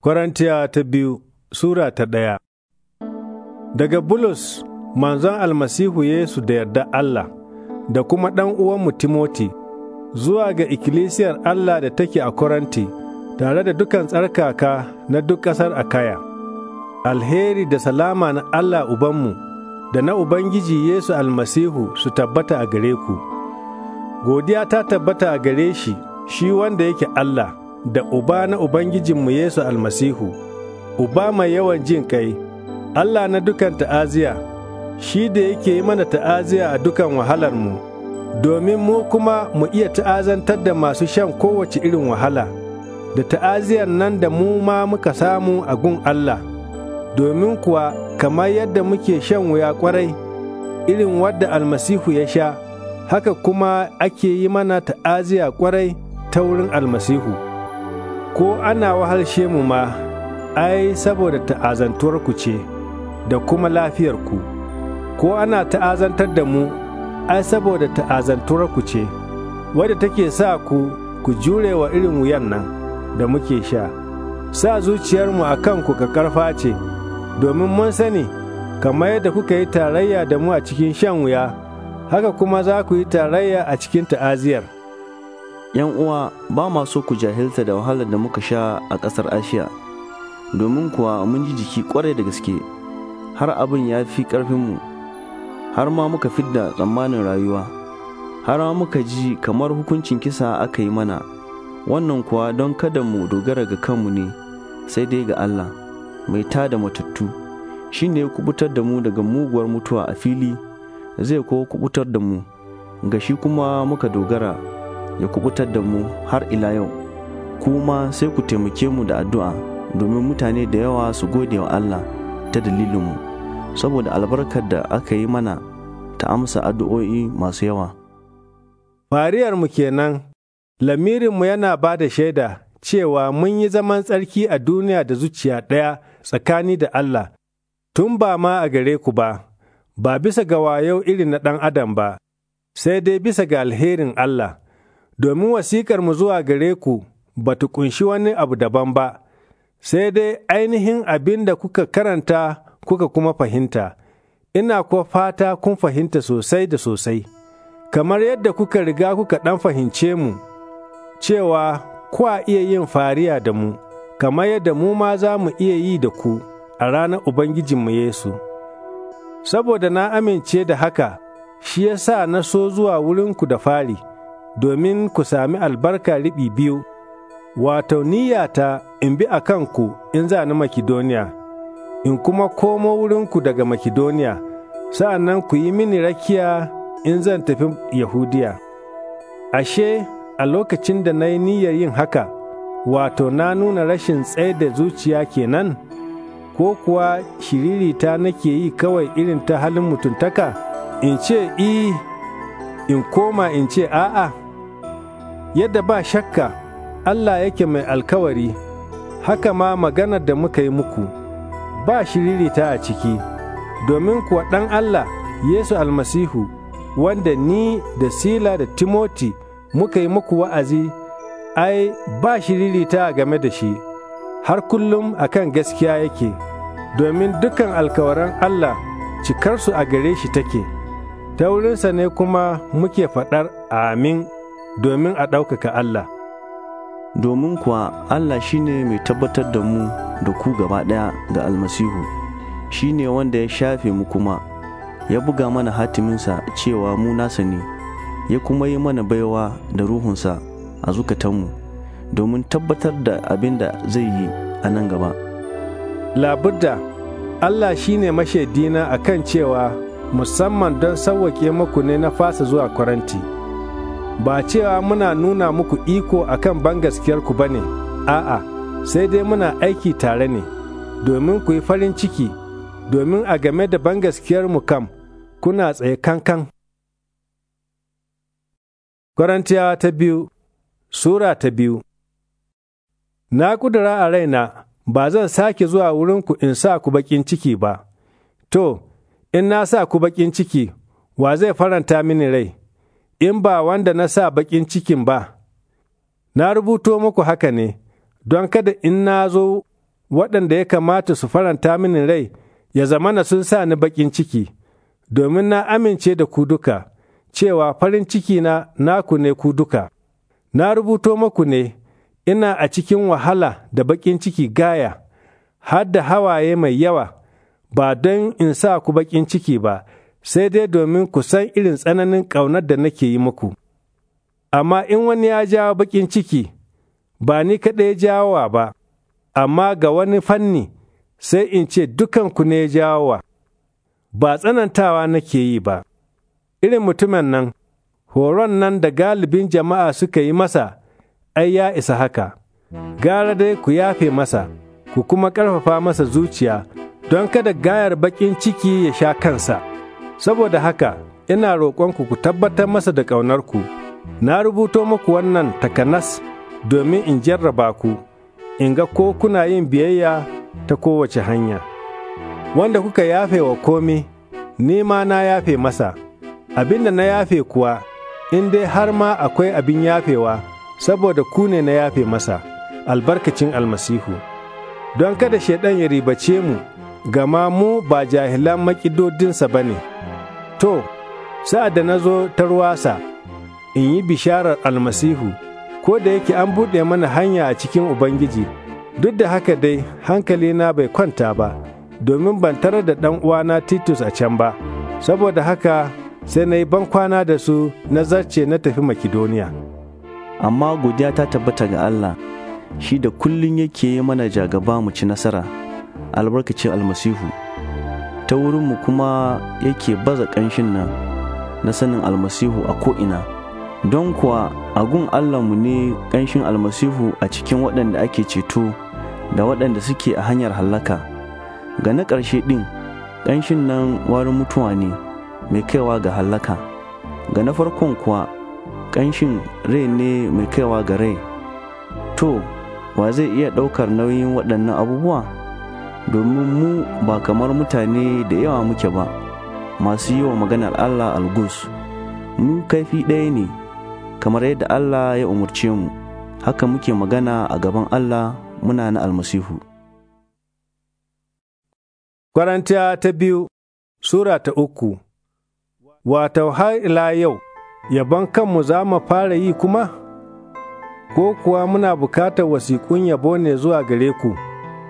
Korintiya ta biyu Sura ta ɗaya Daga Bulus, manzon almasihu Yesu da yarda Allah, da kuma ɗan uwanmu Timoti, zuwa ga ikkilisiyar Allah da take a kwaranti tare da dukan tsarkaka na duk ƙasar Akaya. Alheri da salama na Allah Ubanmu, da na Ubangiji Yesu almasihu su tabbata a gare ku. Godiya ta tabbata a gare shi, shi wanda yake Allah. da Uba na Ubangijinmu Yesu almasihu, Uba mai yawan jin kai, Allah na dukan ta'aziya, shi da yake yi mana ta'aziya a dukan wahalarmu, domin mu kuma mu iya ta'azantar da masu shan kowace irin wahala, da ta'aziyar nan da mu ma muka samu a gun Allah, domin kuwa kamar yadda muke shan wuya kwarai, irin wadda almasihu ya sha, haka kuma ake yi mana ta'aziya kwarai ta wurin almasihu. ko ana wahalshe mu ma ai saboda ta'azantuwarku ce da kuma lafiyar ku. ko ana ta'azantar da mu ai saboda ta'azantuwarku ce wadda take sa ku ku jure wa irin wuyan nan da muke sha sa zuciyarmu a kanku ka karfa ce domin mun sani kamar yadda kuka yi tarayya da mu a cikin shan wuya haka kuma za ku yi tarayya a cikin ta'aziyar. yan uwa ba ma so ku jahilta da wahalar da muka sha a ƙasar asiya domin kuwa mun ji jiki kwarai da gaske har abin ya fi ƙarfinmu har ma muka fidda tsammanin rayuwa har ma muka ji kamar hukuncin kisa aka yi mana wannan kuwa don kada mu dogara ga kanmu ne sai dai ga allah mai tada matattu shi ne kubutar da mu daga muguwar mutuwa a fili zai kuwa kubutar da mu ga shi kuma muka dogara ya kubutar da mu har ila yau kuma sai ku taimake mu da addu'a domin mutane da yawa su gode wa Allah ta dalilinmu saboda albarkar da aka yi mana ta amsa addu'o'i masu yawa. fariyar Fariyarmu kenan, lamirinmu yana ba da shaida cewa mun yi zaman tsarki a duniya da zuciya ɗaya tsakani da Allah, tun ba ma a gare ku ba, ba bisa ga wayo irin na ɗan adam ba, sai dai bisa ga alherin Allah. domin mu zuwa gare ku ba ta ƙunshi wani abu daban ba, sai dai ainihin abin da kuka karanta kuka kuma fahimta, ina kuwa fata kun fahimta sosai da sosai, kamar yadda kuka riga kuka ɗan fahimce mu, cewa kuwa iya yin fariya da mu, kamar yadda mu ma za mu iya yi da ku a ranar Ubangijinmu Yesu. Saboda na amince da haka, shi ya sa na so zuwa wurinku da fari. domin ku sami albarka riɓi biyu, wato niyyata in bi a kanku in za ni Makidoniya, in kuma komo wurinku daga Makidoniya, sa'an nan ku yi mini rakiya in zan tafi Yahudiya. Ashe, a lokacin da na yi niyyar yin haka, wato na nuna rashin tsaye da zuciya kenan, ko kuwa shiririta nake yi kawai irin ta halin mutuntaka, in ce, I, in koma in ce, A'a. yadda ba shakka Allah yake mai alkawari, haka ma maganar da muka yi muku, ba shiririta a ciki, domin kuwa ɗan Allah Yesu almasihu, wanda ni da Sila da Timoti muka yi muku wa'azi, ai, ba shiririta game da shi, har kullum a kan gaskiya yake, domin dukan alkawaran Allah cikarsu a gare shi take, ta wurinsa ne kuma muke faɗar amin. domin a ɗaukaka Allah. Domin kuwa Allah shi ne mai tabbatar da mu da ku gaba ɗaya ga almasihu, shi ne wanda ya shafe mu kuma, ya buga mana hatiminsa cewa mu nasa ne, ya kuma yi mana baiwa da ruhunsa a zukatanmu, domin tabbatar da abin da zai yi a nan gaba. Labudda, Allah shi ne mashaidina a kan cewa musamman don sauwake maku ne na fasa zuwa kwaranti. ba cewa muna nuna muku iko a kan bangaskiyarku ba ne, a'a, sai dai muna aiki tare ne, domin ku yi farin ciki, domin a game da bangaskiyarmu kam kuna tsaye kankan. Korintiyawa ta biyu Sura ta biyu Na kudura a raina, ba zan sake zuwa wurinku in sa ku baƙin ciki ba, to, in na sa ku baƙin ciki, wa zai faranta mini rai? in ba wanda na sa baƙin cikin ba, na rubuto muku haka ne, don kada in na zo waɗanda ya kamata su faranta mini rai ya zama na sun sa ni baƙin ciki, domin na amince da ku duka, cewa farin ciki na naku ne ku duka. Na rubuto muku ne, ina a cikin wahala da baƙin ciki gaya, har da hawaye mai yawa, ba don in sa ku baƙin ciki ba. sai dai domin ku san irin tsananin ƙaunar da nake yi muku. Amma in wani ya jawo baƙin ciki, ba ni kaɗai jawowa ba, amma ga wani fanni sai in ce dukanku ne jawowa, ba tsanantawa nake yi ba. Irin mutumin nan, horon nan da galibin jama'a suka yi masa, ai ya isa haka, gara dai ku yafe masa, ku kuma ƙarfafa masa zuciya, don kada gayar baƙin ciki ya sha kansa. Saboda haka, ina roƙonku ku tabbatar masa da ƙaunarku, na rubuto muku wannan takanas domin in jarraba ku, in ga ko kuna yin biyayya ta kowace hanya. Wanda kuka yafe wa komi, ni ma na yafe masa, abin da na yafe kuwa, in dai har ma akwai abin yafewa, saboda ku ne na yafe masa, albarkacin almasihu. Don kada shaiɗan ya ribace mu, gama mu ba jahilan makidodinsa ba ne. To, sa'ad da na zo ta ruwasa, in yi bisharar almasihu, ko da yake an buɗe mana hanya a cikin Ubangiji, duk da haka dai hankali na bai kwanta ba, domin ban tarar da ɗan uwana Titus a can ba, saboda haka sai na yi kwana da su na zarce na tafi Makidoniya. Amma godiya ta tabbata ga Allah, shi da kullum yake yi mana jagaba mu ci nasara, albarkacin almasihu. ta wurinmu kuma yake baza ƙanshin nan na sanin almasihu a ko'ina don kuwa agun mu ne ƙanshin almasihu a cikin waɗanda ake ceto da waɗanda suke a hanyar hallaka ga na ƙarshe ɗin ƙanshin nan warin mutuwa ne mai kaiwa ga hallaka ga na farkon kuwa ƙanshin rai ne mai kaiwa ga rai to wa zai iya ɗaukar nauyin waɗannan abubuwa domin mu ba kamar mutane da yawa muke ba masu yi wa maganar Allah algus mu kaifi ɗaya ne kamar yadda Allah ya umarce mu haka muke magana a gaban Allah muna na almasihu Kwarantiya ta biyu Sura ta uku Wato har ila yau yabon kanmu za mu fara yi kuma? Ko kuwa muna bukatar wasiƙun yabo ne zuwa gare ku?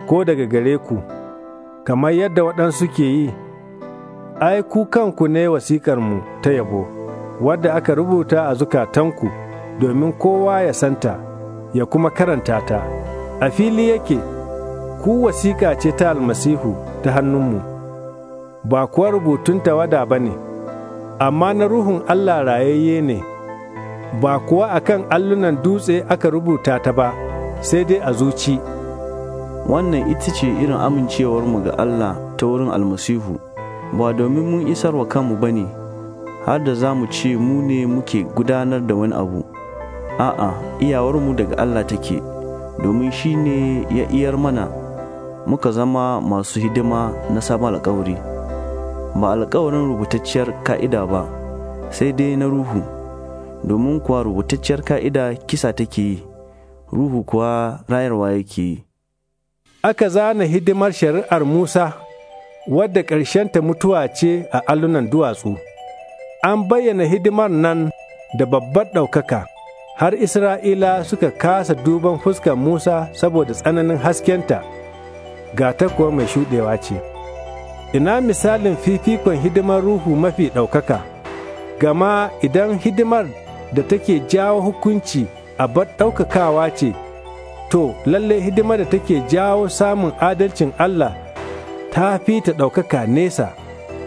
ko daga gare ku, kamar yadda waɗansu ke yi, ai, ku kanku ne wasikarmu ta yabo, wadda aka rubuta a zukatanku domin kowa ya santa, ya kuma karanta ta. A fili yake, ku wasiƙa ce ta almasihu ta hannunmu, ba kuwa rubutun tawada ba ne, amma na ruhun Allah rayayye ne, ba kuwa akan allunan dutse aka rubuta ta ba, sai dai a zuci. wannan ita ce irin amincewar mu ga Allah ta wurin almasihu ba domin mun isar wa kanmu ba ne har da za mu ce mu ne muke gudanar da wani abu a'a iyawarmu daga Allah take domin shi ne ya iyar mana muka zama masu hidima na samun alkawari ba alkawarin rubutacciyar ka'ida ba sai dai na ruhu domin kuwa rubutacciyar ka'ida kisa take yi ruhu kuwa rayarwa yake yi aka zana hidimar shari'ar Musa wadda ƙarshen ta mutuwa ce a allunan duwatsu. An bayyana hidimar nan da babbar ɗaukaka, har Isra'ila suka kasa duban fuskar Musa saboda tsananin haskenta, ga ta kuwa mai shuɗewa ce. Ina misalin fifikon hidimar Ruhu mafi ɗaukaka, gama idan hidimar da take jawo hukunci a ɗaukakawa ce. to lalle hidima da take jawo samun adalcin Allah ta fi ta ɗaukaka nesa,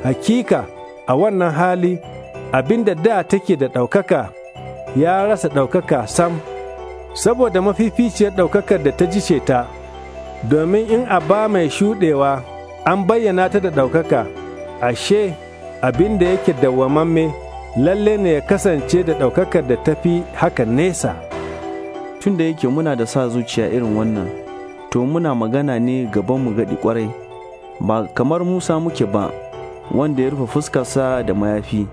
hakika a wannan hali abin da da take da ɗaukaka ya rasa ɗaukaka sam, saboda mafificiyar ɗaukakar da ta ji ta, domin in a ba mai shuɗewa an bayyana ta da ɗaukaka, ashe abin da yake dawwamamme lalle ne ya kasance da ɗaukakar da tafi haka nesa. tun da yake muna da sa zuciya irin wannan to muna magana ne gaban mu gaɗi kwarai. ba kamar musa muke ba wanda ya rufe fuskarsa da mayafi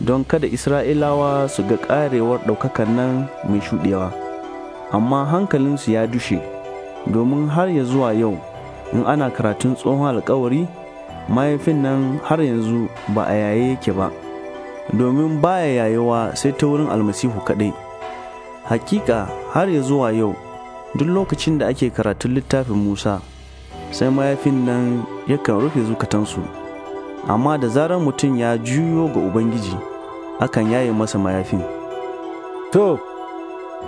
don kada isra'ilawa su ga ƙarewar ɗaukakan nan mai shuɗewa amma hankalinsu ya dushe domin har ya zuwa yau in ana karatun tsohon alkawari mayafin nan har yanzu ba a yaye yake ba domin baya yayewa sai ta wurin almasihu kaɗai hakika har ya zuwa yau duk lokacin da ake karatun littafin musa sai mayafin nan yakan rufe zukatansu amma da zarar mutum ya juyo ga ubangiji akan yaye masa mayafin to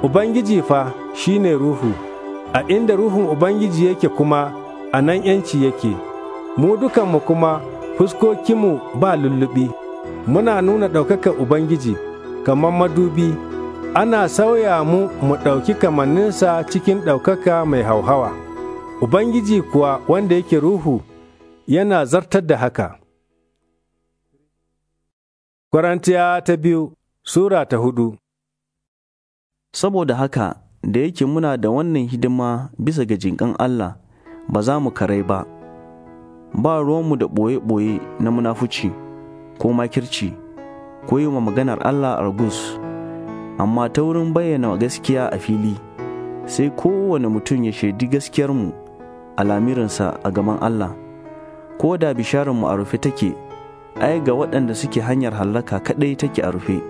ubangiji fa shine ruhu a inda ruhun ubangiji yake kuma a nan yanci yake mu dukanmu kuma fuskokinmu ba lullubi muna nuna ɗaukakar ubangiji kamar madubi ana sauya mu mu ɗauki kamanninsa cikin ɗaukaka mai hauhawa. Ubangiji kuwa wanda yake ruhu yana zartar da haka. Kwarantiya ta biyu Sura ta hudu Saboda haka, da yake muna da wannan hidima bisa ga jinƙan Allah, ba za mu karai ba, ba ruwanmu da ɓoye-ɓoye na munafuci ko makirci ko yi wa maganar Allah argus. amma ta wurin bayyana gaskiya a fili sai kowane mutum ya shaidi gaskiyarmu a lamirinsa a gaban Allah ko da bisharinmu a rufe take ai ga waɗanda suke hanyar hallaka kaɗai take a rufe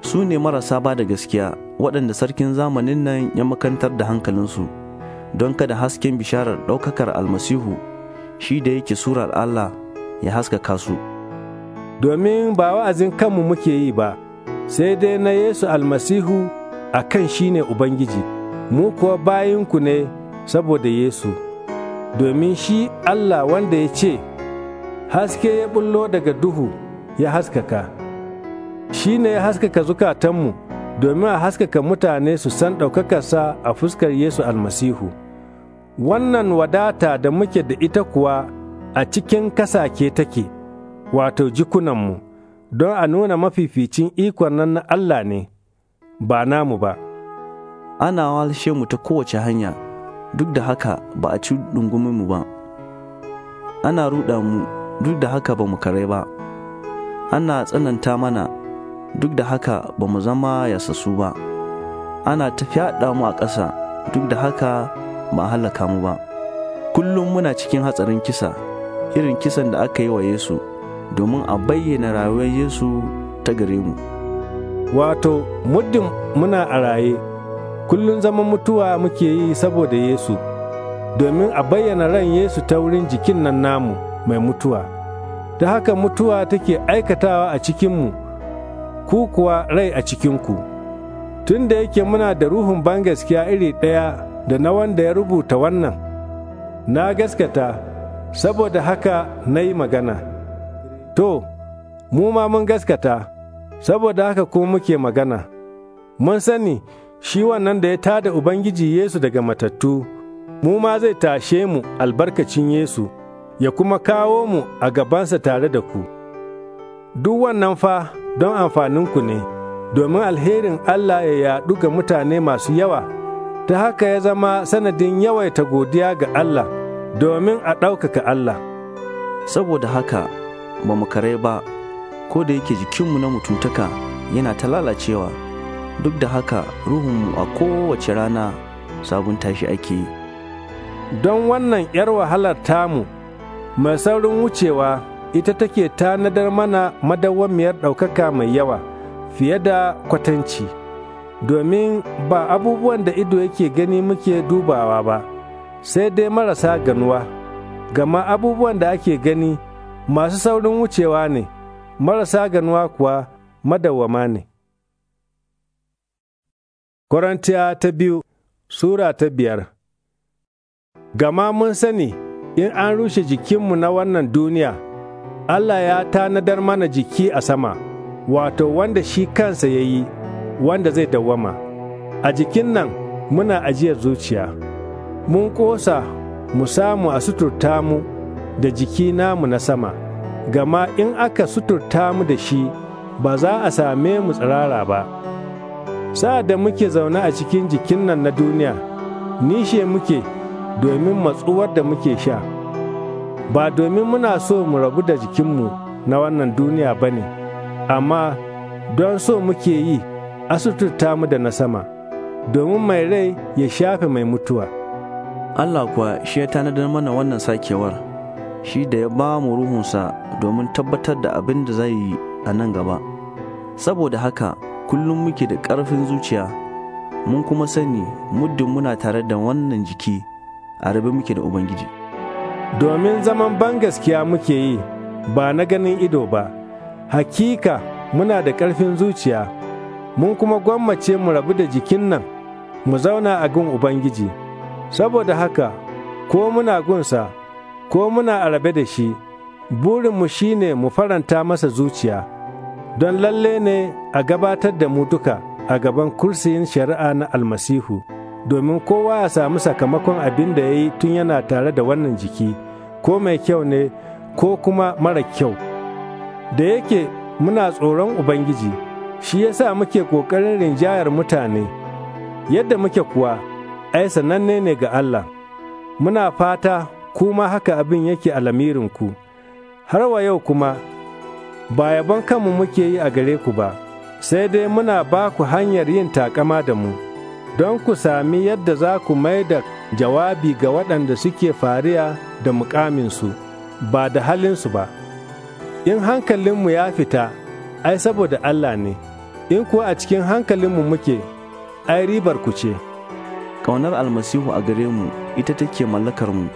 su ne marasa ba da gaskiya waɗanda sarkin zamanin nan ya makantar da hankalinsu don kada hasken bisharar ɗaukakar almasihu shi da yake surar Allah ya haskaka su domin ba wa'azin kanmu muke yi ba sai dai na Yesu almasihu a kan shi ne Ubangiji, mu kuwa bayinku ne saboda Yesu, domin shi Allah wanda ya ce, Haske ya bullo daga duhu ya haskaka, shi ne ya haskaka zukatanmu domin a haskaka mutane su san ɗaukakarsa a fuskar Yesu almasihu. Wannan wadata da muke da ita kuwa a cikin kasake take, wato jikunanmu. don a nuna mafificin ikon nan na Allah ne, ba namu ba. Ana walshe mu ta kowace hanya, duk da haka ba a ci mu ba. Ana ruɗa mu duk da haka ba mu kare ba. Ana tsananta mana duk da haka ba mu zama yasasu ba. Ana ta fyaɗa mu a ƙasa duk da haka ba halaka mu ba. Kullum muna cikin hatsarin kisa, irin kisan da aka yi wa Yesu. domin a bayyana rayuwar Yesu ta gare mu. Wato, muddin muna a raye, kullum zaman mutuwa muke yi saboda Yesu, domin a bayyana ran Yesu ta wurin jikin nan namu mai mutuwa. Ta haka mutuwa take aikatawa a cikinmu, ku kuwa rai a cikinku. Tun da yake muna da ruhun bangaskiya iri ɗaya da na wanda ya rubuta wannan, na gaskata, saboda haka na yi magana. To, mu ma mun gaskata, saboda haka ko muke magana, mun sani shi wannan da ya tada Ubangiji Yesu daga matattu, mu ma zai tashe mu albarkacin Yesu, ya kuma kawo mu a gabansa tare da ku. Duk wannan fa don amfaninku ne, domin alherin Allah ya yaɗu ga mutane masu yawa, ta haka ya zama sanadin yawaita godiya ga Allah, domin a ɗaukaka Allah. Saboda haka, ba mu karai ba ko da yake jikinmu na mutuntaka yana ta lalacewa duk da haka ruhunmu a kowace rana sabon tashi ake yi don wannan 'yar wahalar tamu mai saurin wucewa ita take tanadar mana madawamiyar ɗaukaka mai yawa fiye da kwatanci domin ba abubuwan da ido yake gani muke dubawa ba sai dai marasa ganuwa gama abubuwan da ake gani masu saurin wucewa ne, marasa ganuwa kuwa madawwama ne. Korintiya ta biyu Sura ta biyar Gama mun sani in an rushe jikinmu na wannan duniya, Allah ya tanadar mana jiki a sama, wato wanda shi kansa ya yi, wanda zai dawwama. A jikin nan muna ajiyar zuciya, mun ƙosa mu samu a suturta mu da jiki namu na sama, gama in aka suturta mu da shi ba za a same mu tsirara ba. Sa'ad da muke zaune a cikin jikin nan na duniya, nishe muke domin matsuwar da muke sha, ba domin muna so mu rabu da jikinmu na wannan duniya ba ne, amma don so muke yi a suturta mu da na sama, domin mai rai ya shafe mai mutuwa. Allah kuwa shi ya tanadar mana wannan sakewar. shi da ya ba mu ruhunsa domin tabbatar da abin da zai yi a nan gaba saboda haka kullum muke da ƙarfin zuciya mun kuma sani muddin muna tare da wannan jiki a rabe muke da ubangiji domin zaman ban gaskiya muke yi ba na ganin ido ba hakika muna da ƙarfin zuciya mun kuma gwammace mu rabu da jikin nan mu zauna a gun ubangiji saboda haka ko muna gunsa ko muna a rabe da shi, burinmu shi ne mu faranta masa zuciya, don lalle ne a gabatar da mu duka a gaban kursiyin shari'a na almasihu, domin kowa ya samu sakamakon abin da ya yi tun yana tare da wannan jiki, ko mai kyau ne ko kuma mara kyau. Da yake muna tsoron Ubangiji, shi ya sa muke ƙoƙarin rinjayar mutane, yadda muke kuwa, ai sananne ne ga Allah. Muna fata kuma haka abin yake a lamirinku, har wa yau kuma, ba yabon kanmu muke yi a gare ku ba, sai dai muna ba ku hanyar yin takama da mu, don ku sami yadda za ku mai da jawabi ga waɗanda suke fariya da mukaminsu, ba da halinsu ba. In hankalinmu ya fita, ai saboda Allah ne, in kuwa a cikin hankalinmu muke, ai ribar ku ce. Ƙaunar almasihu a gare mu ita take mallakar mu.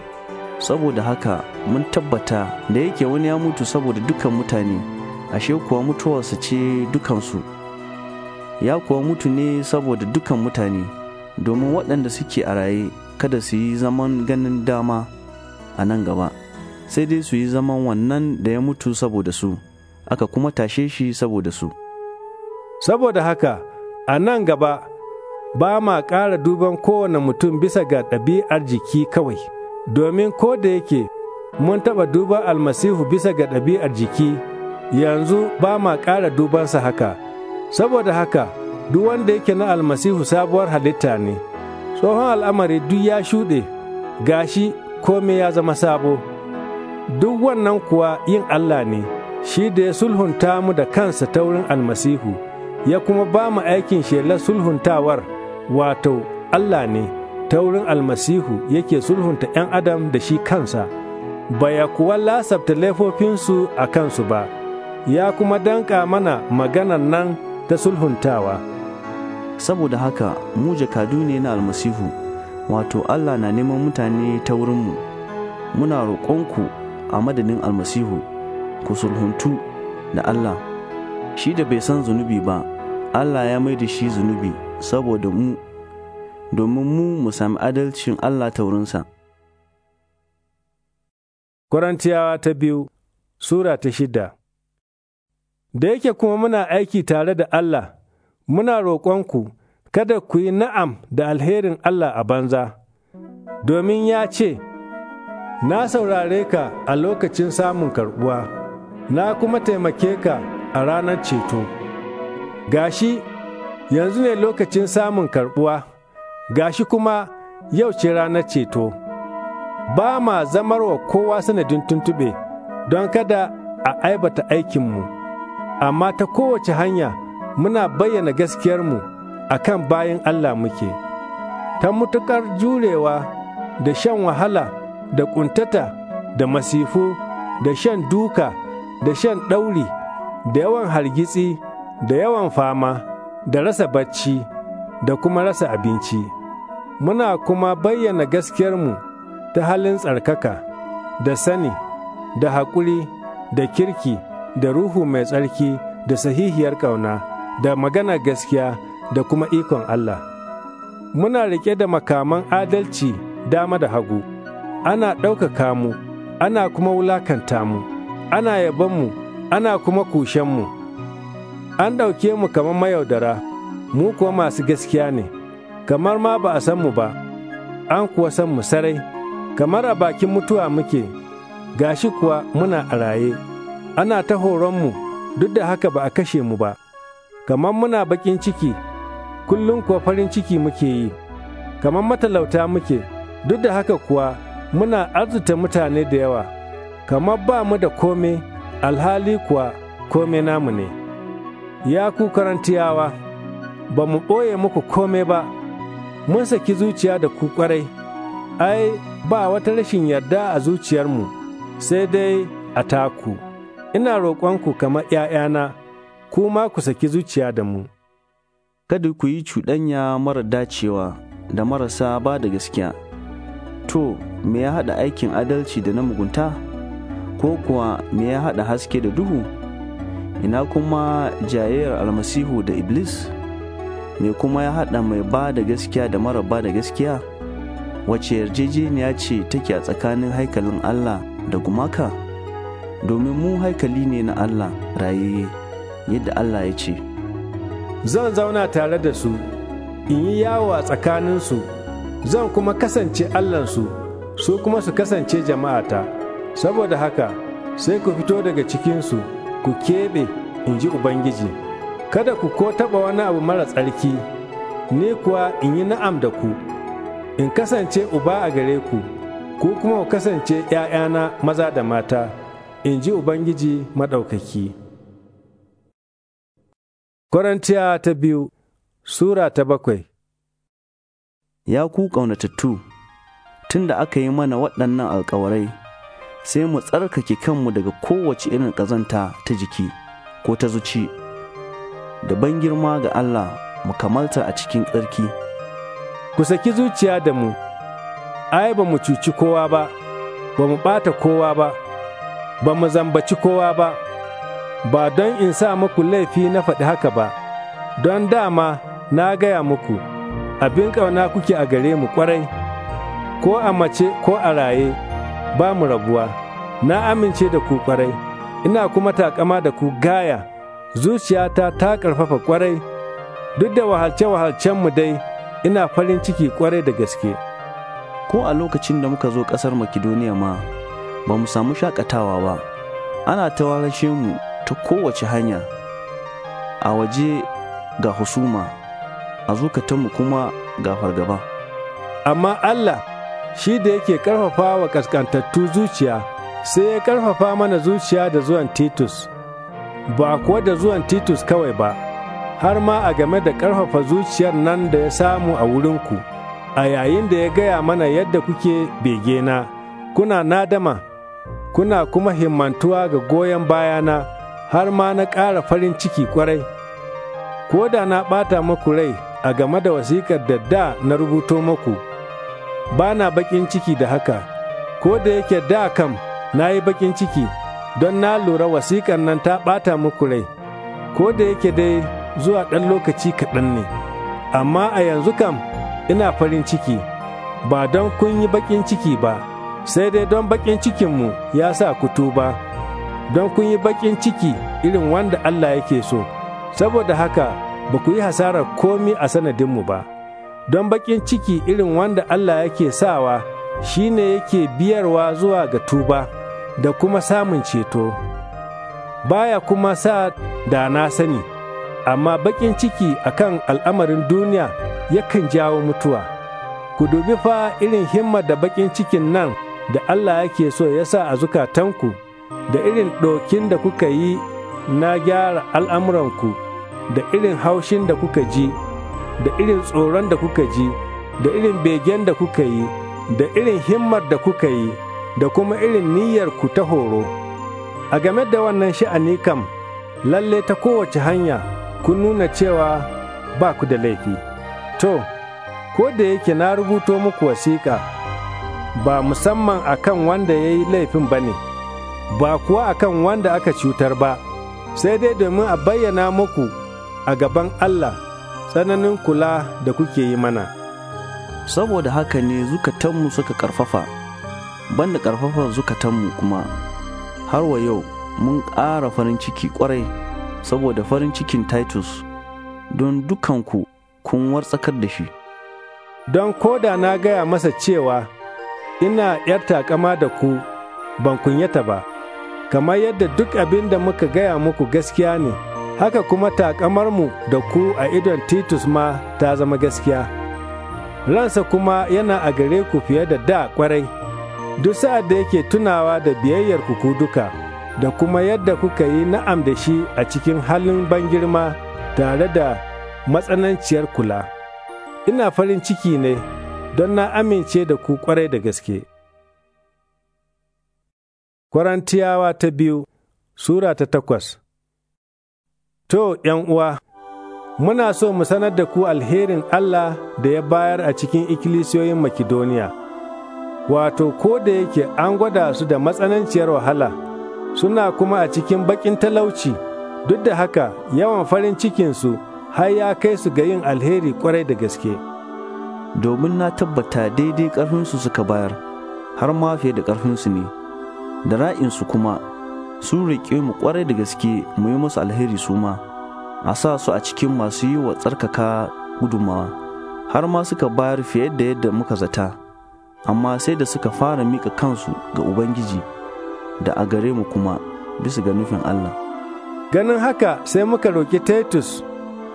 saboda haka mun tabbata da yake wani ya mutu saboda dukan mutane ashe kuwa mutuwarsa ce dukansu ya kuwa mutu ne saboda dukan mutane domin waɗanda suke a raye kada su yi zaman ganin dama a nan gaba sai dai su yi zaman wannan da ya mutu saboda su aka kuma tashe shi saboda su saboda haka a nan gaba ba ma ƙara duban kowane mutum bisa ga ɗabi'ar jiki kawai domin ko da yake mun taɓa duba almasihu bisa ga ɗabi'ar jiki yanzu ba ma ƙara dubansa haka saboda haka duk wanda yake na almasihu sabuwar halitta ne tsohon al'amari duk ya shuɗe gashi komai ya zama sabo duk wannan kuwa yin Allah ne shi da ya sulhunta mu da kansa ta wurin almasihu ya kuma ba mu aikin shelar sulhuntawar wato Allah ne. ta wurin almasihu yake sulhunta 'yan adam da shi kansa ba ya kuwa lasafta laifofinsu a kansu ba ya kuma danka mana maganan nan ta sulhuntawa saboda haka mu jakadu ne na almasihu wato allah na neman mutane ta wurinmu muna roƙonku a madadin almasihu ku sulhuntu da allah shi da bai san zunubi ba allah ya mai da shi zunubi saboda mu domin mu mu sami adalcin Allah ta wurinsa. Korintiyawa ta biyu Sura ta shida Da yake kuma muna aiki tare da Allah, muna roƙonku kada ku yi na'am da alherin Allah a banza, domin ya ce, Na saurare ka a lokacin samun karɓuwa, na kuma taimake ka a ranar ceto. Gashi, yanzu ne lokacin samun karɓuwa. gashi kuma yau ce ranar ceto, ba ma zamar wa kowa sanadin tuntube don kada a aibata aikinmu, amma ta kowace hanya muna bayyana gaskiyarmu a kan bayan Allah muke, ta mutuƙar jurewa da shan wahala da ƙuntata da masifu da shan duka da shan ɗauri da yawan hargitsi da yawan fama da rasa bacci da kuma rasa abinci. muna kuma bayyana gaskiyarmu ta halin tsarkaka, da sani, da haƙuri, da kirki, da ruhu mai tsarki, da sahihiyar ƙauna, da magana gaskiya, da kuma ikon Allah. Muna riƙe da makaman adalci dama da hagu, ana ɗaukaka mu, ana kuma wulakanta mu, ana yabon mu. ana kuma mu. An ɗauke mu kamar mayaudara, mu kuwa masu gaskiya ne. kamar ma ba a san mu ba, an kuwa san mu sarai, kamar a bakin mutuwa muke, gashi kuwa muna a raye, ana ta horonmu duk da haka ba a kashe mu ba, kamar muna bakin ciki, kullum kuwa farin ciki muke yi, kamar matalauta muke, duk da haka kuwa muna arzuta mutane da yawa, kamar ba mu da kome, alhali kuwa kome namu ne. Ya ku karantiyawa, ba mu ɓoye muku kome ba. mun saki zuciya da ku kwarai, ai, ba wata rashin yarda a zuciyarmu, sai dai a taku, ina roƙonku kamar ’ya'yana, ku ma ku saki zuciya da mu. Kada ku yi cuɗanya mara dacewa da marasa ba da gaskiya. To, me ya haɗa aikin adalci da na mugunta? Ko kuwa me ya haɗa haske da duhu? Ina kuma jayayyar almasihu da Iblis? me kuma ya haɗa mai ba da gaskiya da mara ba da gaskiya wace yarjejeniya ce take a tsakanin haikalin Allah da gumaka domin mu haikali ne na Allah rayaye yadda Allah ya ce zan zauna tare da su in yi yawo a tsakaninsu zan kuma kasance Allahnsu su kuma su kasance jama'ata saboda haka sai ku fito daga cikinsu ku keɓe in ji Ubangiji. kada ku ko taɓa wani abu mara tsarki, ni kuwa in yi na'am da ku, in kasance uba a gare ku, ku kuma ku kasance ‘ya'yana maza da mata, in ji Ubangiji Maɗaukaki. Korintiya ta biyu Sura ta bakwai Ya ku ƙaunatattu, tun da aka yi mana waɗannan alkawarai, sai mu tsarkake kanmu daga kowace irin ƙazanta ta jiki ko ta zuci. da ban girma ga Allah mu kamalta a cikin tsarki. Ku saki zuciya da mu, ai ba mu cuci kowa ba, ba mu ɓata kowa ba, ba mu zambaci kowa ba, ba don in sa muku laifi na faɗi haka ba, don dama na gaya muku, abin ƙauna kuke a gare mu ƙwarai, ko a mace ko a raye, ba mu rabuwa, na amince da ku ƙwarai, ina kuma taƙama da ku gaya. zuciyata ta ƙarfafa ƙwarai, duk da wahalce-wahalcenmu dai ina farin ciki ƙwarai da gaske. Ko a lokacin da muka zo ƙasar Makidoniya ma, ba mu samu shakatawa ba, ana tawarashe mu ta kowace hanya, a waje ga husuma, a zukatanmu kuma ga fargaba. Amma Allah shi da yake ƙarfafa wa ƙasƙantattu zuciya, sai ya ƙarfafa mana zuciya da zuwan Titus. ba kuwa da zuwan Titus kawai ba, har ma a game da ƙarfafa zuciyar nan da ya samu a wurinku, a yayin da ya gaya mana yadda kuke begena, kuna nadama, kuna kuma himmantuwa ga goyon bayana, har ma na ƙara farin ciki kwarai. Ko da na ɓata maku rai a game da wasiƙar da da na rubuto maku. ba na baƙin ciki da haka, ko da yake da kam na yi baƙin ciki. don na lura wasikar nan ta ɓata muku rai, ko da yake dai zuwa ɗan lokaci kaɗan ne, amma a yanzu kam ina farin ciki, ba don kun yi baƙin ciki ba, sai dai don baƙin cikinmu ya sa ku tuba, don kun yi baƙin ciki irin wanda Allah yake so, saboda haka ba ku yi hasarar komi a sanadinmu ba, don baƙin ciki irin wanda Allah yake sawa shi ne yake biyarwa zuwa ga tuba. da kuma samun ceto baya kuma sa da na sani amma baƙin ciki akan al'amarin duniya yakan jawo mutuwa ku dubi fa irin himma da baƙin cikin nan da Allah yake so ya sa a zukatanku da irin ɗokin da kuka yi na gyara al'amuranku da irin haushin da kuka ji da irin tsoron da kuka ji da irin begen da kuka yi da irin himmar da kuka yi da kuma irin niyyar ku ta horo. A game da wannan sha'ani kam, lalle ta kowace hanya kun nuna cewa ba ku da laifi. To, ko da yake na rubuto muku wasiƙa, ba musamman a kan wanda ya yi laifin ba ne, ba kuwa a kan wanda aka cutar ba, sai dai domin a bayyana muku a gaban Allah tsananin kula da kuke yi mana. Saboda haka ne zukatanmu suka ƙarfafa. banda ƙarfafar zukatanmu kuma har wa yau mun ƙara farin ciki ƙwarai saboda farin cikin titus don dukanku kun wartsakar da shi don ko da na gaya masa cewa ina ‘yar takama da ku ban kunyata ba, kamar yadda duk abin da muka gaya muku gaskiya ne, haka kuma takamarmu da ku a idon Titus ma ta zama gaskiya. Ransa kuma yana a gare ku fiye da da kwarai, duk sa'ad da yake tunawa da biyayyar ku duka da kuma yadda kuka yi na'am da shi a cikin halin bangirma tare da matsananciyar kula. Ina farin ciki ne don na amince da ku kwarai da gaske. Kwarantiyawa ta biyu Sura ta takwas To, 'yan uwa, muna so mu sanar da ku alherin Allah da ya bayar a cikin ikkilisiyoyin Makedoniya. wato ko da yake an gwada su da matsananciyar wahala suna kuma a cikin baƙin talauci duk da haka yawan farin cikinsu har ya kai su ga yin alheri kwarai da gaske domin na tabbata daidai ƙarfinsu suka bayar har ma fiye da ƙarfinsu ne da ra'insu kuma sun riƙe mu kwarai da gaske mu yi musu alheri su ma a sa su a cikin masu yi wa tsarkaka gudumawa har ma suka bayar fiye da yadda muka zata. amma sai da suka fara mika kansu ga Ubangiji da a gare mu kuma bisa ga nufin Allah. Ganin haka sai muka roki Titus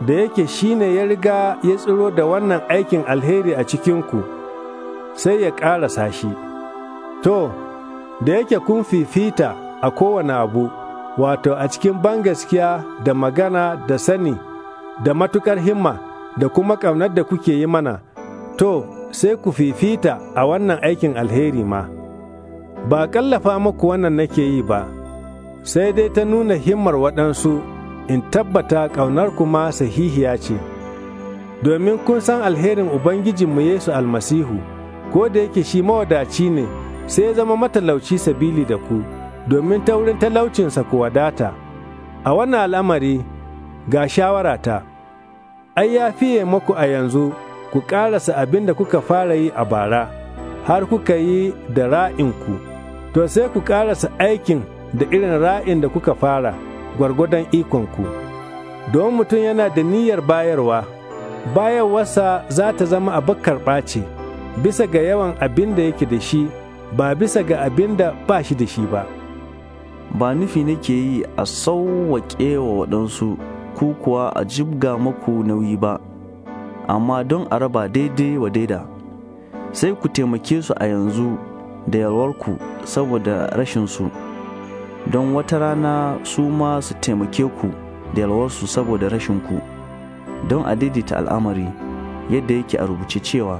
da yake shi ne ya riga ya tsiro da wannan aikin alheri a cikinku, sai ya ƙarasa shi. To, da yake kun fifita a kowane abu, wato a cikin bangaskiya da magana da sani, da matukar himma da kuma ƙaunar da kuke yi mana, to, sai ku fifita a wannan aikin alheri ma. Ba ƙallafa muku wannan nake yi ba, sai dai ta nuna himmar waɗansu in tabbata ƙaunar kuma sahihiya ce. Domin kun san alherin Ubangijinmu Yesu almasihu, ko da yake shi mawadaci ne sai ya zama matalauci sabili da ku, domin ta wurin talaucinsa ku wadata. A wannan al'amari ga shawarata, ai ya fiye muku a yanzu. ku ƙarasa abin da kuka fara yi a bara, har kuka yi da ra'inku, to sai ku ƙarasa aikin da irin ra'in da kuka fara, gwargwadon ikonku. Don mutum yana da niyyar bayarwa, bayarwarsa za ta zama karɓa ce, bisa ga yawan abin da yake da shi, ba bisa ga abin da ba shi da shi ba. Ba nufi nake yi a sauwaƙe wa waɗansu, ku kuwa a jibga maku nauyi ba. amma don a raba daidai wa daida sai ku taimake su a yanzu da yalwarku saboda rashinsu don wata rana su ma su taimake ku da yalwarsu saboda rashin ku, don a daidaita al'amari yadda yake a rubuce cewa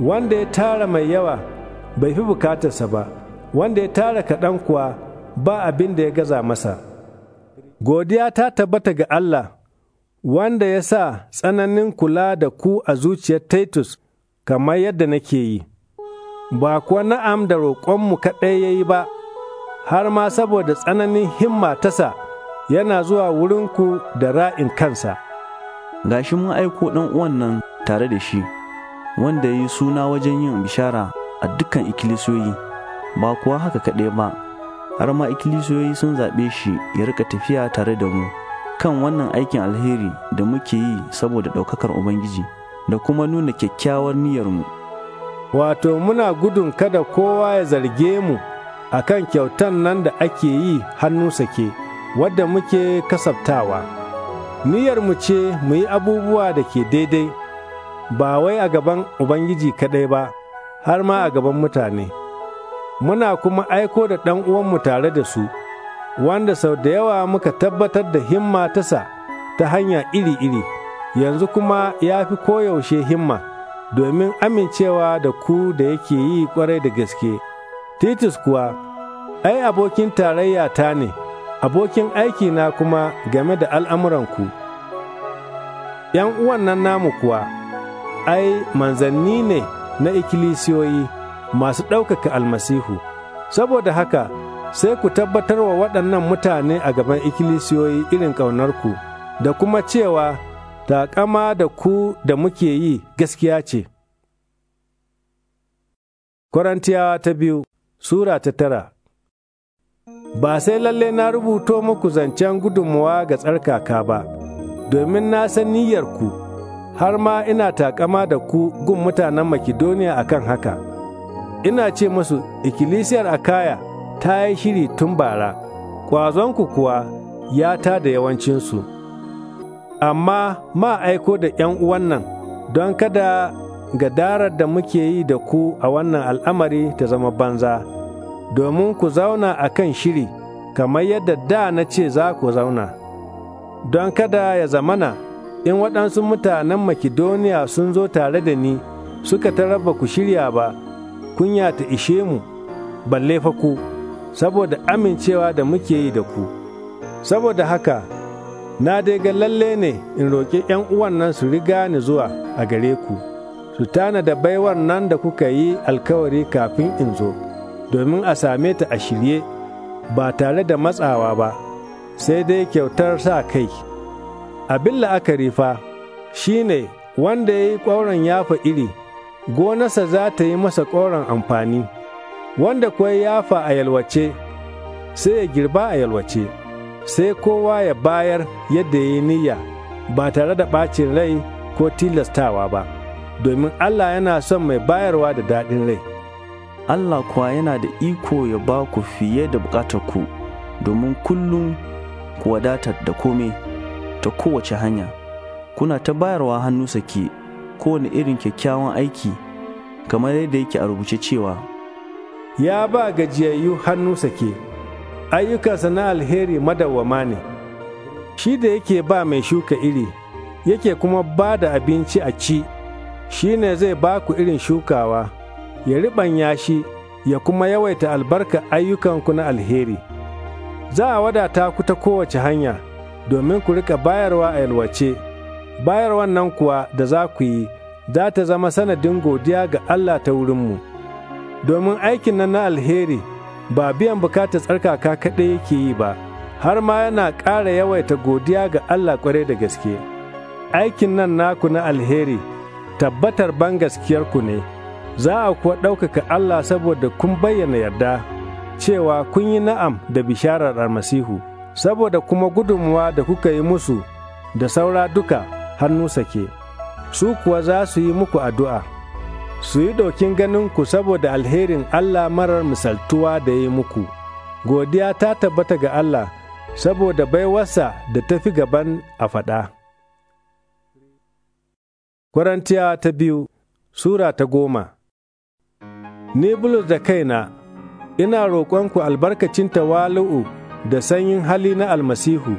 wanda ya tara mai yawa bai fi bukatarsa ba wanda ya tara kaɗan kuwa ba abin da ya gaza masa godiya ta tabbata ga Allah wanda ya sa tsananin kula da ku a zuciyar Titus kamar yadda nake yi, ba kuwa na'am da roƙonmu kaɗai ya yi ba, har ma saboda tsananin himma tasa yana zuwa wurinku da ra'in kansa. Ga shi mun aiko ɗan uwan nan tare da shi, wanda ya yi suna wajen yin bishara a dukkan ikkilisiyoyi, ba kuwa haka kaɗai ba, har ma ikkilisiyoyi sun zaɓe shi ya rika tafiya tare da mu. kan wannan aikin alheri da muke yi saboda ɗaukakar Ubangiji da kuma nuna kyakkyawar niyyarmu. Wato muna gudun kada kowa ya zarge mu a kan kyautan nan da ake yi hannu sake wadda muke kasabtawa. Niyyarmu ce mu yi abubuwa da ke daidai ba wai a gaban Ubangiji kaɗai ba har ma a gaban mutane. Muna kuma aiko da ɗan uwanmu tare da su. wanda sau da yawa muka tabbatar da himma tasa ta hanya iri-iri, yanzu kuma ya fi koyaushe himma domin amincewa da ku da yake yi kwarai da gaske. Titus kuwa, ai abokin tarayya ta ne, abokin aiki na kuma game da al'amuranku. ‘Yan uwan nan namu kuwa, ai manzanni ne na ikkilisiyoyi masu ɗaukaka almasihu, saboda haka, sai ku tabbatar wa waɗannan mutane a gaban ikkilisiyoyi irin ƙaunarku da kuma cewa taƙama da ku da muke yi gaskiya ce. Korantiyawa ta biyu Sura ta tara Ba sai lalle na rubuto muku zancen gudunmuwa ga tsarkaka ba, domin na san niyyarku, har ma ina taƙama da ku gun mutanen Makidoniya kan haka. Ina ce musu, ikkilisiyar Akaya. ta yi shiri tun bara, ƙwazonku kuwa ya ta da yawancinsu. Amma ma aiko da ’yan uwan nan don kada gadarar da muke yi da ku a wannan al'amari ta zama banza, domin ku zauna a kan shiri kamar yadda da na ce za ku zauna. Don kada ya zamana in waɗansu mutanen Makidoniya sun zo tare da ni suka ta ku shirya ba, kunya ta ishe mu, balle fa ku. saboda amincewa da muke yi da ku saboda haka na dai ga lalle ne in roƙi ‘yan uwan nan su riga ni zuwa a gare ku su tana da baiwar nan da kuka yi alkawari kafin in zo domin a same ta a shirye ba tare da matsawa ba sai dai kyautar sa kai abin la'akari fa shi ne wanda ya yi ƙoron yafa iri gonarsa za ta yi masa ƙoron amfani wanda kuwa yafa a yalwace sai ya girba a yalwace sai kowa ya bayar yadda ya yi niyya ba tare da ɓacin rai ko tilastawa ba domin Allah yana son mai bayarwa da daɗin rai Allah kuwa yana da iko ya ba ku fiye da ku domin kullum ku wadatar da kome ta kowace hanya kuna ta bayarwa hannu sake kowane irin kyakkyawan aiki kamar yadda yake a rubuce cewa ya ba gajiyayyu hannu sake ayyukansa na alheri madawwama ne shi da yake ba mai shuka iri yake kuma ba da abinci a ci shi ne zai ba ku irin shukawa ya riɓan yashi ya kuma yawaita albarka ayyukanku na alheri za a wadata ku ta kowace hanya domin ku rika bayarwa a yalwace bayarwan nan kuwa da za ku yi za ta zama sanadin godiya ga Allah ta wurinmu. mu domin aikin nan na alheri ba biyan bukatar tsarkaka kaɗai yake yi ba, har ma yana ƙara yawaita godiya ga Allah ƙwarai da gaske. Aikin nan naku na alheri, tabbatar ban gaskiyarku ne, za a kuwa ɗaukaka Allah saboda kun bayyana yarda, cewa kun yi na'am da bisharar almasihu, saboda kuma gudunmuwa da kuka yi musu da saura duka hannu sake, su kuwa za su yi muku addu'a. su yi dokin ganin ku saboda alherin Allah marar misaltuwa da ya yi muku. Godiya ta tabbata ga Allah saboda baiwarsa da ta fi gaban a faɗa. Kwarantiya ta biyu Sura ta goma Ni bulus da kaina, ina roƙonku albarkacin tawalu'u da sanyin hali na almasihu,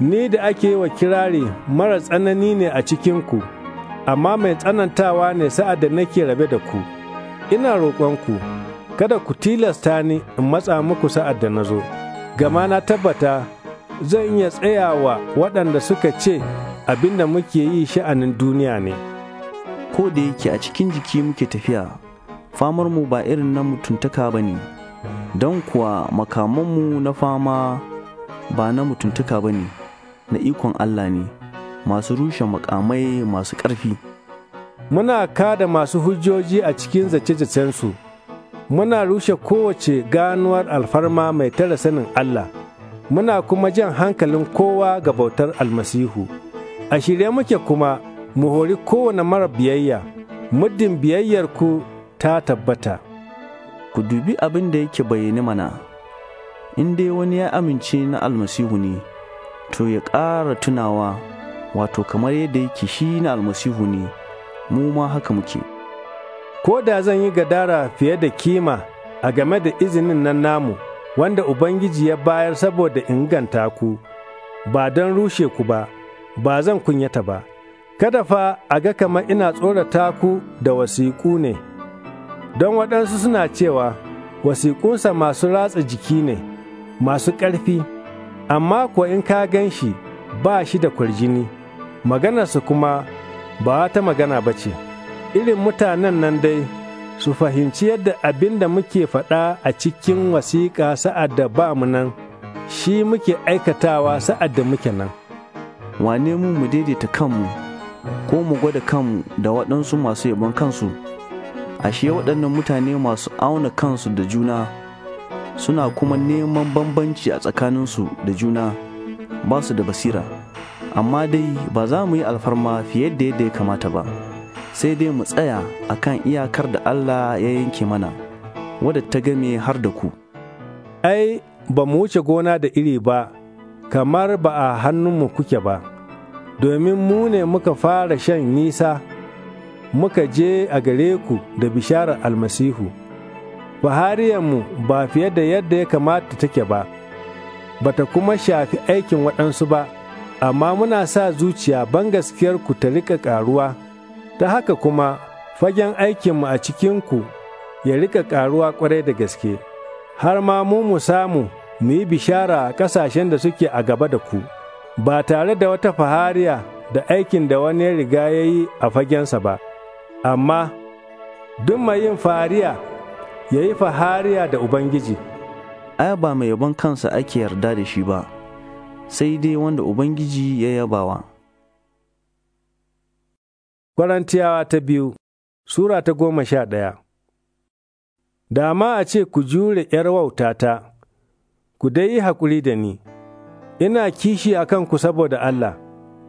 ni da ake wa kirari mara tsanani ne a cikinku. amma mai tsanantawa ne sa'ad da nake rabe da ku, ina roƙonku, kada ku tilasta ni in matsa muku sa'ad da na zo, gama na tabbata zan iya tsayawa waɗanda suka ce abin da muke yi sha'anin duniya ne. Ko da yake a cikin jiki muke tafiya, famar mu ba irin na mutuntaka ba ne, don kuwa makamanmu na fama ba na mutuntaka ba ne, na ikon Allah ne. masu rushe makamai masu ƙarfi. Muna kada masu hujjoji a cikin zace-zacensu, muna rushe kowace ganuwar alfarma mai tara sanin Allah, muna kuma jan hankalin kowa ga bautar almasihu. A shirye muke kuma mu hori kowane mara biyayya, muddin biyayyarku ta tabbata. Ku dubi abin da yake bayyane mana, in dai wani ya amince na almasihu ne, to ya ƙara tunawa. wato kamar yadda yake shi na almasihu ne mu ma haka muke ko da zan yi gadara fiye da kima a game da izinin nan namu wanda ubangiji ya bayar saboda inganta ku ba don rushe ku ba ba zan kunyata ba kada fa a ga kamar ina tsorata ku da wasiƙu ne don waɗansu suna cewa wasiƙunsa masu ratsa jiki ne masu ƙarfi amma ko in ka gan shi ba shi da kwarjini. maganarsu kuma ba ta magana ba ce, irin mutanen nan dai su fahimci yadda abin da muke faɗa a cikin wasiƙa sa'ad da ba mu nan, shi muke aikatawa sa'ad da muke nan. Wane mu mu daidaita kanmu, ko mu gwada kanmu da waɗansu masu yabon kansu, ashe waɗannan mutane masu auna kansu da juna, suna kuma neman bambanci a tsakaninsu da juna, ba su da basira. amma dai ba za mu yi alfarma fiye da yadda ya kamata ba sai dai mu tsaya a kan iyakar da Allah ya yanke mana wadda ta game har da ku ai ba mu wuce gona da iri ba kamar ba a hannunmu kuke ba domin mu ne muka fara shan nisa muka je a gare ku da bisharar almasihu mu ba fiye da yadda ya kamata take ba bata kuma shafi aikin waɗansu ba amma muna sa zuciya ban ku ta rika ƙaruwa, ta haka kuma fagen aikinmu a cikinku ya rika ƙaruwa ƙwarai da gaske, har ma mu mu samu mu yi bishara a ƙasashen da suke a gaba da ku, ba tare da wata fahariya da aikin da wani riga ya yi a fagensa ba, amma duk mai yin fahariya ya yi fahariya da Ubangiji. Ai, ba mai yabon kansa ake yarda da shi ba. sai dai wanda Ubangiji ya yabawa. Kwarantiyawa ta biyu Sura ta goma sha ɗaya Da ma a ce ku jure ’yar wautata, ku dai yi haƙuri da ni, ina kishi a kanku saboda Allah,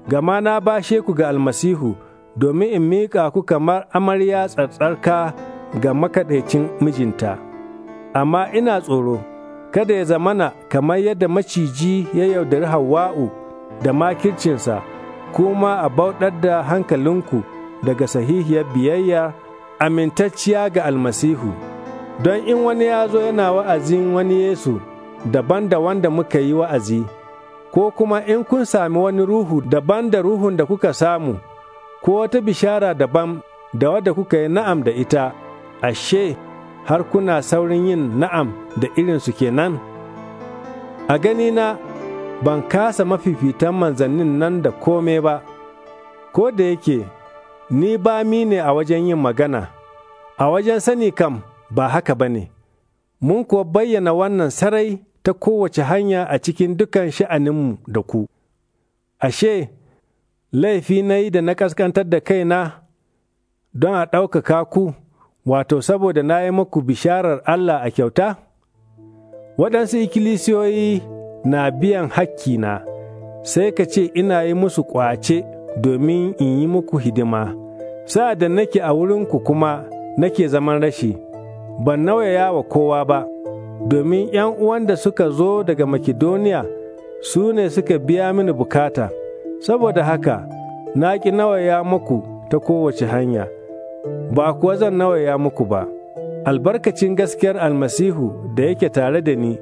gama na bashe ku ga almasihu domin in miƙa ku kamar amarya tsattsarka ga makaɗaicin mijinta, amma ina tsoro. kada ya zamana kamar yadda maciji ya yaudari Hawwa'u da makircinsa, kuma a bauɗar da hankalinku daga sahihiyar biyayya amintacciya ga almasihu. Don in wani ya zo yana wa'azin wani Yesu daban da wanda muka yi wa'azi, ko kuma in kun sami wani ruhu daban da ruhun da kuka samu, ko wata bishara daban da wadda kuka yi na'am da ita, ashe. har kuna saurin yin na'am da irin irinsu kenan? A ganina ban kasa mafifitan manzannin nan da kome ba, ko da yake ni ba mi ne a wajen yin magana, a wajen sani kam ba haka ba ne, mun kuwa bayyana wannan sarai ta kowace hanya a cikin dukan sha'aninmu da ku. Ashe, laifi na yi da na kaskantar da kaina don a ɗaukaka ku. wato, saboda na yi muku bisharar Allah a kyauta? Waɗansu ikkilisiyoyi na biyan hakkina, sai ka ce ina yi musu ƙwace domin in yi muku hidima, Sa'a da nake a wurinku kuma nake zaman rashi, ban nawaya wa kowa ba, domin ’yan uwan da suka zo daga Makedoniya su ne suka biya mini bukata, saboda haka na ƙi nawaya muku ta kowace hanya. ba kuwa zan nawaya muku ba, albarkacin gaskiyar almasihu da yake tare da ni,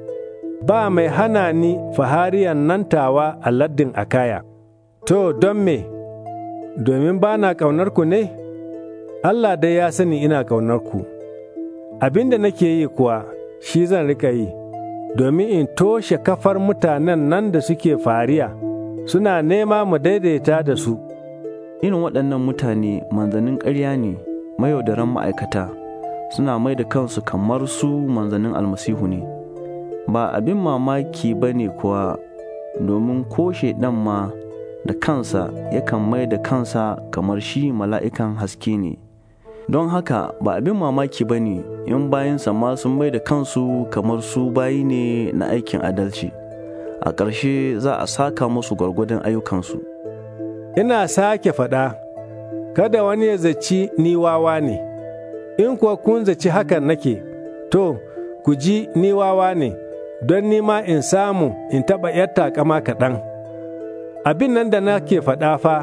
ba mai hana ni fahariyan nan tawa a laddin akaya. To, don me, domin ba na ƙaunarku ne? Allah dai ya sani ina ƙaunarku. Abin da nake yi kuwa, shi zan rika yi, domin in toshe kafar mutanen nan da suke fariya, suna nema mu daidaita da su. Irin waɗannan mutane manzannin ƙarya ne. mayaudaran ma'aikata suna mai da kansu kamar su manzannin almasihu ne ba abin mamaki ba ne kuwa domin ko shaidan ma da kansa yakan mai da kansa kamar shi mala'ikan haske ne don haka ba abin mamaki ba ne in bayansa ma sun mai da kansu kamar su bayi ne na aikin adalci a ƙarshe za a saka musu gwargwadon ayyukansu ina sake faɗa kada wani ya zaci ni wawa ne, in kuwa kun zaci hakan nake, to, ku ji ni wawa ne, don ni ma in samu in taɓa ‘yar takama kaɗan. Abin nan da nake faɗa fa,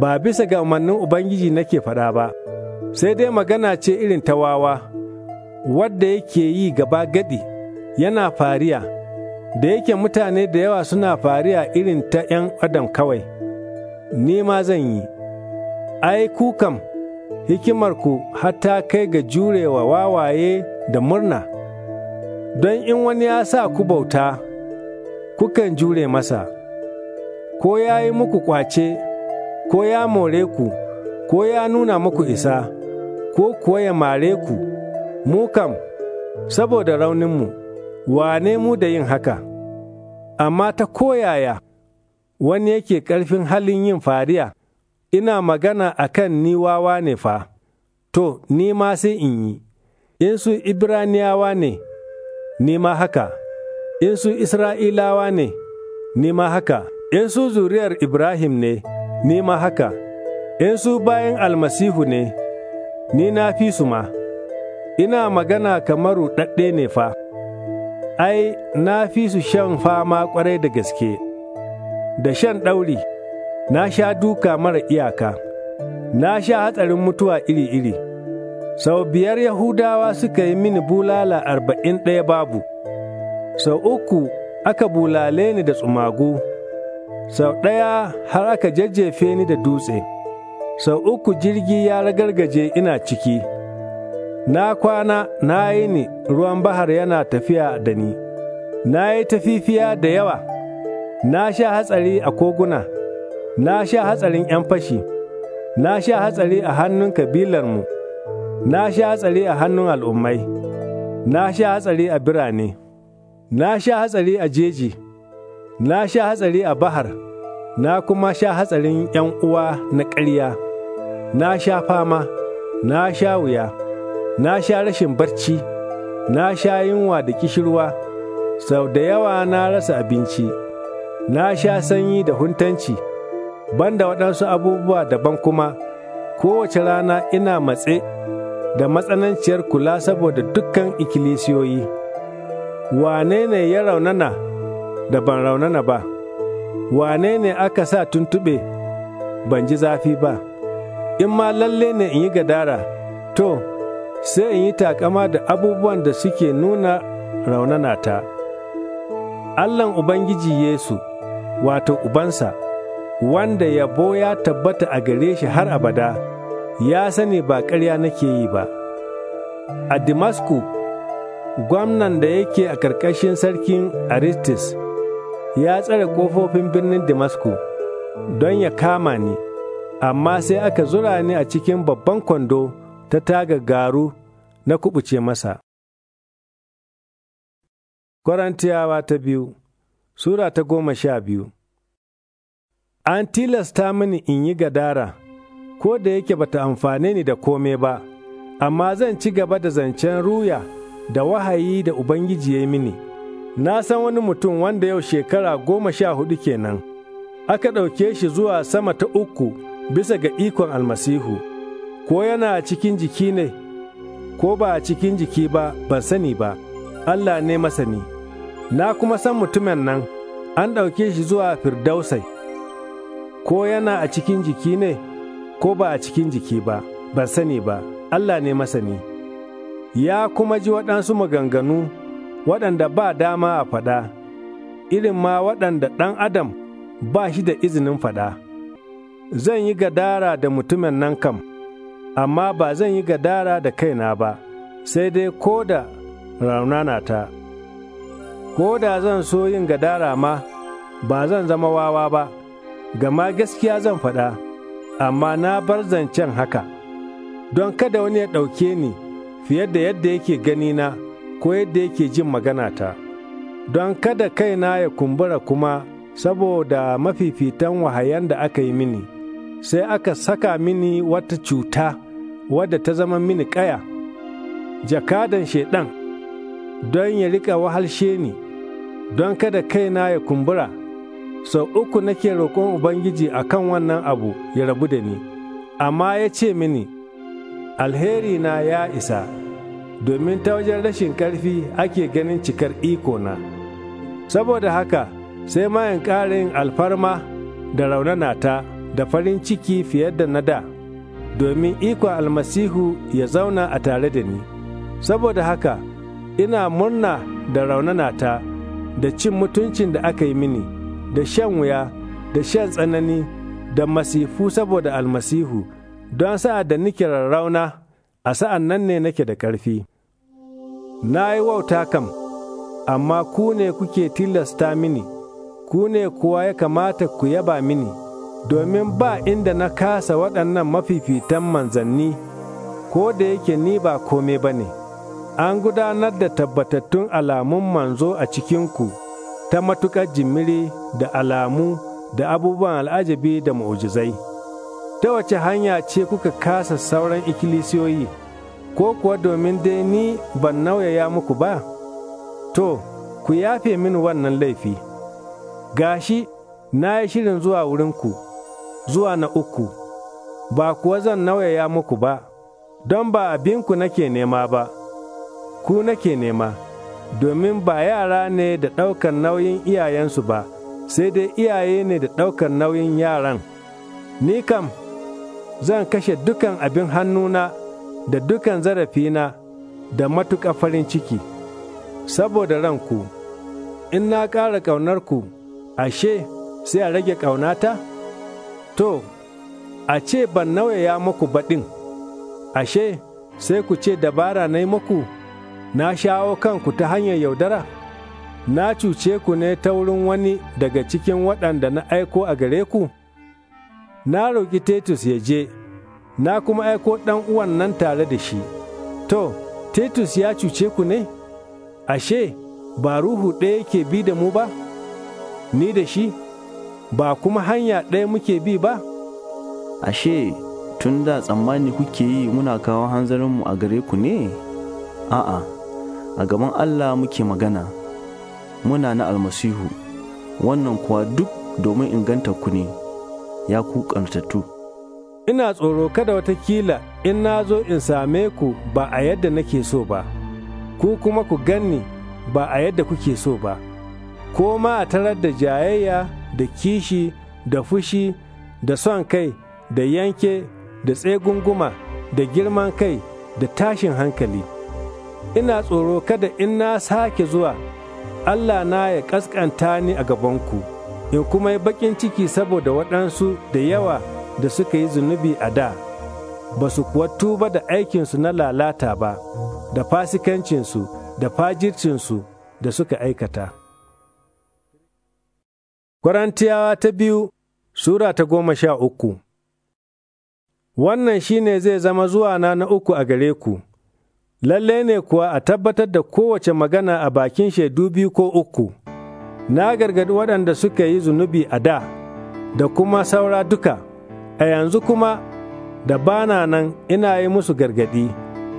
ba bisa ga umarnin Ubangiji nake faɗa ba, sai dai magana ce irin ta wawa, wadda yake yi gaba gaɗi yana fariya, da yake mutane da yawa suna fariya irin ta ‘yan adam kawai, ni ma zan yi. ai, ku kam, hikimarku hatta kai ga jurewa wawaye da murna, don in wani ya sa ku bauta, kukan jure masa, ko ya yi muku ƙwace, ko ya more ku, ko ya nuna muku isa, ko kuwa ya mare ku, mu kam, saboda rauninmu, wane mu da yin haka, amma ta koyaya wani yake ƙarfin halin yin fariya. ina magana a kan ni wawa ne fa, to, ni ma sai in yi, in su Ibraniyawa ne, ni ma haka, in su Isra'ilawa ne, ni ma haka, in su zuriyar Ibrahim ne, ni ma haka, in su bayan almasihu ne, ni na fi su ma, ina magana kamar ruɗaɗɗe ne fa, ai, na fi su shan fama ƙwarai da gaske, da shan ɗauri. na sha duka mara iyaka, na sha hatsarin mutuwa iri-iri. Sau biyar Yahudawa suka yi mini bulala arba'in ɗaya babu, sau uku aka bulale ni da tsumagu, sau ɗaya har aka jajjefe ni da dutse, sau uku jirgi ya ragargaje ina ciki. Na kwana na yi ni ruwan bahar yana tafiya da ni, na yi tafifiya da yawa, na sha hatsari a koguna. na sha hatsarin ‘yan fashi, na sha hatsari a hannun kabilarmu, na sha hatsari a hannun al'ummai, na sha hatsari a birane, na sha hatsari a jeji, na sha hatsari a bahar, na kuma sha hatsarin ‘yan uwa na ƙarya, na sha fama, na sha wuya, na sha rashin barci, na sha yunwa da kishirwa, sau da yawa na rasa abinci, na sha sanyi da huntanci. ban da waɗansu abubuwa daban kuma kowace rana ina matse da matsananciyar kula saboda dukkan ikkilisiyoyi wane ne ya raunana da ban raunana ba wane ne aka sa tuntuɓe ban ji zafi ba in ma lalle ne in yi gadara to sai in yi takama da abubuwan da suke nuna raunana ta. Allahn Ubangiji Yesu, wato Ubansa, wanda yabo ya tabbata a gare shi har abada, ya sani ba ƙarya nake yi ba. A Damascus, gwamnan da yake a ƙarƙashin sarkin Aristis ya tsare ƙofofin birnin Damascus don ya kama ni, amma sai aka zura ni a cikin babban kwando ta taga garu na kubuce masa. Korantiyawa ta biyu Sura ta goma sha biyu an tilasta mini in yi gadara, ko da yake bata amfane ni da kome ba, amma zan ci gaba da zancen ruya da wahayi da Ubangiji ya yi mini. Na san wani mutum wanda yau shekara goma sha hudu kenan, aka ɗauke shi zuwa sama ta uku bisa ga ikon almasihu, ko yana cikin jiki ne, ko ba a cikin jiki ba, ban sani ba, Allah ne masani. Na kuma san mutumin nan, an ɗauke shi zuwa firdausai. ko yana a cikin jiki ne, ko ba a cikin jiki ba, ban sani ba, Allah ne masani. Ya kuma ji waɗansu maganganu waɗanda ba dama a faɗa, irin ma waɗanda ɗan adam ba shi da izinin faɗa. Zan yi gadara da mutumin nan kam, amma ba zan yi gadara da kaina ba, sai dai ko da raunana ta. ko da zan so yin gadara ma, ba zan zama wawa ba. gama gaskiya zan faɗa, amma na bar zancen haka, don kada wani ya ɗauke ni fiye da yadda yake na ko yadda yake jin magana ta. don kada kaina ya kumbura kuma saboda mafifitan wahayan da aka yi mini, sai aka saka mini wata cuta wadda ta zama mini ƙaya, jakadan shaiɗan, don ya riƙa wahalshe ni, don kada kaina ya kumbura. sau uku nake roƙon Ubangiji a kan wannan abu ya rabu da ni, amma ya ce mini, Alheri na ya isa, domin ta wajen rashin ƙarfi ake ganin cikar iko na. Saboda haka, sai ma mayan ƙarin alfarma da raunanata da farin ciki fiye da na da, domin ikon almasihu ya zauna a tare da ni. Saboda haka, ina murna da raunanata da cin mutuncin da aka yi mini. da shan wuya da shan tsanani da masifu saboda almasihu don sa'a da nike rarrauna a sa'an nan ne nake da ƙarfi. Na yi wauta kam, amma ku ne kuke tilasta mini, ku ne kuwa ya kamata ku yaba mini, domin ba inda na kasa waɗannan mafifitan manzanni, ko da yake ni ba kome ba ne, an gudanar da tabbatattun alamun manzo a cikinku. ta matuƙar jimiri da alamu da abubuwan al'ajabi da mu'ujizai. Ta wace hanya ce kuka kasa sauran ikkilisiyoyi, ko kuwa domin dai ni ban nauyaya muku ba? To, ku yafe min wannan laifi. Gashi, na yi shirin zuwa wurinku, zuwa na uku, ba kuwa zan nauyaya muku ba, don ba abinku nake nema ba, ku nake nema. domin ba yara ne da ɗaukar nauyin iyayensu ba, sai dai iyaye ne da ɗaukar nauyin yaran. Ni kam, zan kashe dukan abin hannuna da dukan zarafina da matuƙa farin ciki, saboda ranku, in na ƙara ƙaunarku, ashe sai a rage ƙaunata? To, a ce ban nauyaya muku baɗin, ashe sai ku ce dabara na yi muku. na shawo kanku ta hanyar yaudara? Na cuce ku ne ta wurin wani daga cikin waɗanda na aiko a gare ku? Na roƙi Titus ya je, na kuma aiko ɗan uwan nan tare da shi. To, Titus ya cuce ku ne? Ashe, ba ruhu ɗaya yake bi da mu ba? Ni da shi, ba kuma hanya ɗaya muke bi ba? Ashe, tun da tsammani kuke yi muna kawo hanzarinmu a gare ku ne? A'a. a gaban Allah muke magana muna na almasihu wannan kuwa duk domin inganta ku ne ya ku ƙartattu. Ina tsoro kada watakila in na zo in same ku ba a yadda nake so ba, ku kuma ku ganni ba a yadda kuke so ba, ko ma a tarar da jayayya da kishi da fushi da son kai da yanke da tsegunguma da girman kai da tashin hankali. ina tsoro kada in na sake zuwa Allah na ya ƙasƙanta ni a gabanku, in kuma yi baƙin ciki saboda waɗansu da yawa da suka yi zunubi a da, ba su kuwa tuba da aikinsu na lalata ba, da fasikancinsu, da fajircinsu da suka aikata. Kwarantiyawa ta biyu Sura ta goma sha uku Wannan shi ne zai zama zuwana na uku a gare ku. lalle ne kuwa a tabbatar da kowace magana a bakin shaidu biyu ko uku, na gargadi waɗanda suka yi zunubi a da, da kuma saura duka, a yanzu kuma da bana nan ina yi musu gargadi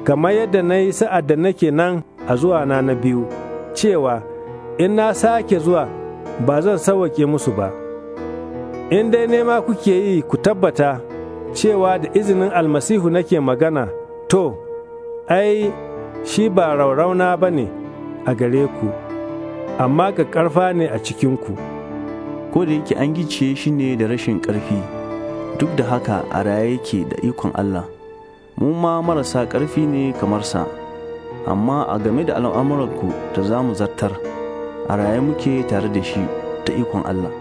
kamar yadda na yi sa'ad da nake nan a zuwa na na biyu, cewa in na sake zuwa ba zan sawwake musu ba. In dai nema kuke yi ku tabbata cewa da izinin almasihu nake magana, to, ai, shi ba raurauna ba ne a gare ku, amma ga ƙarfa ne a cikinku. Ko da yake an gice shi ne da rashin ƙarfi, duk da haka a raye yake da ikon Allah, mu ma marasa ƙarfi ne kamar sa, amma a game da al'amuranku da za mu zartar, a raye muke tare da shi ta ikon Allah.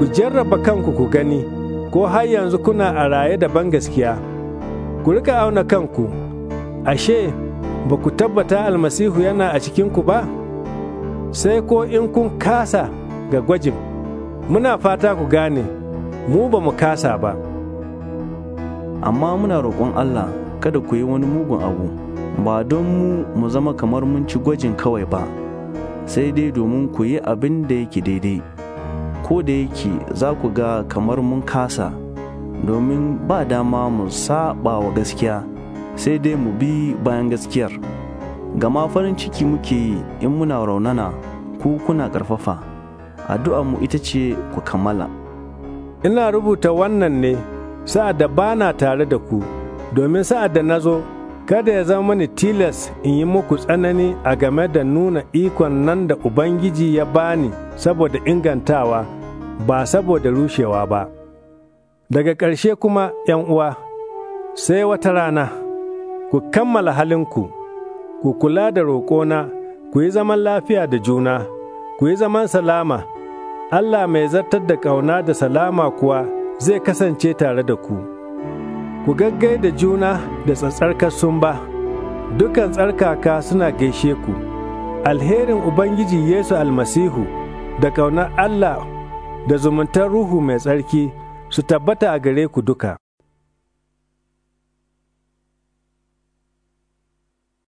Ku jarraba kanku ku gani, ko har yanzu kuna a raye da ban gaskiya. ku rika auna kanku, ashe, ba ku tabbata almasihu yana a cikinku ba? Sai ko in kun kasa ga gwajin, muna fata ku gane, mu ba mu kasa ba. Amma muna roƙon Allah kada ku yi wani mugun abu, ba don mu mu zama kamar mun ci gwajin kawai ba, sai dai domin ku yi abin da yake daidai, ko da yake za ku ga kamar mun kasa. domin ba dama mu saba wa gaskiya sai dai mu bi bayan gaskiyar gama farin ciki muke yi in muna raunana ku kuna ƙarfafa addu'a mu ita ce ku kammala ina rubuta wannan ne sa'ad da ba tare da ku domin sa'ad da na zo kada ya zama mani tilas in yi muku tsanani a game da nuna ikon nan da Ubangiji ya bani saboda ingantawa ba saboda rushewa ba. Daga ƙarshe kuma, ’yan uwa, sai wata rana, ku kammala halinku, ku kula da roƙona, ku yi zaman lafiya da juna, ku yi zaman salama, Allah mai zartar da ƙauna da salama kuwa zai kasance tare da ku. Ku gaggai da juna da tsatsarkar sun ba, dukan tsarkaka suna gaishe ku, alherin Ubangiji Yesu almasihu da ƙaunar Allah da zumuntar Ruhu mai tsarki. su tabbata a gare ku duka.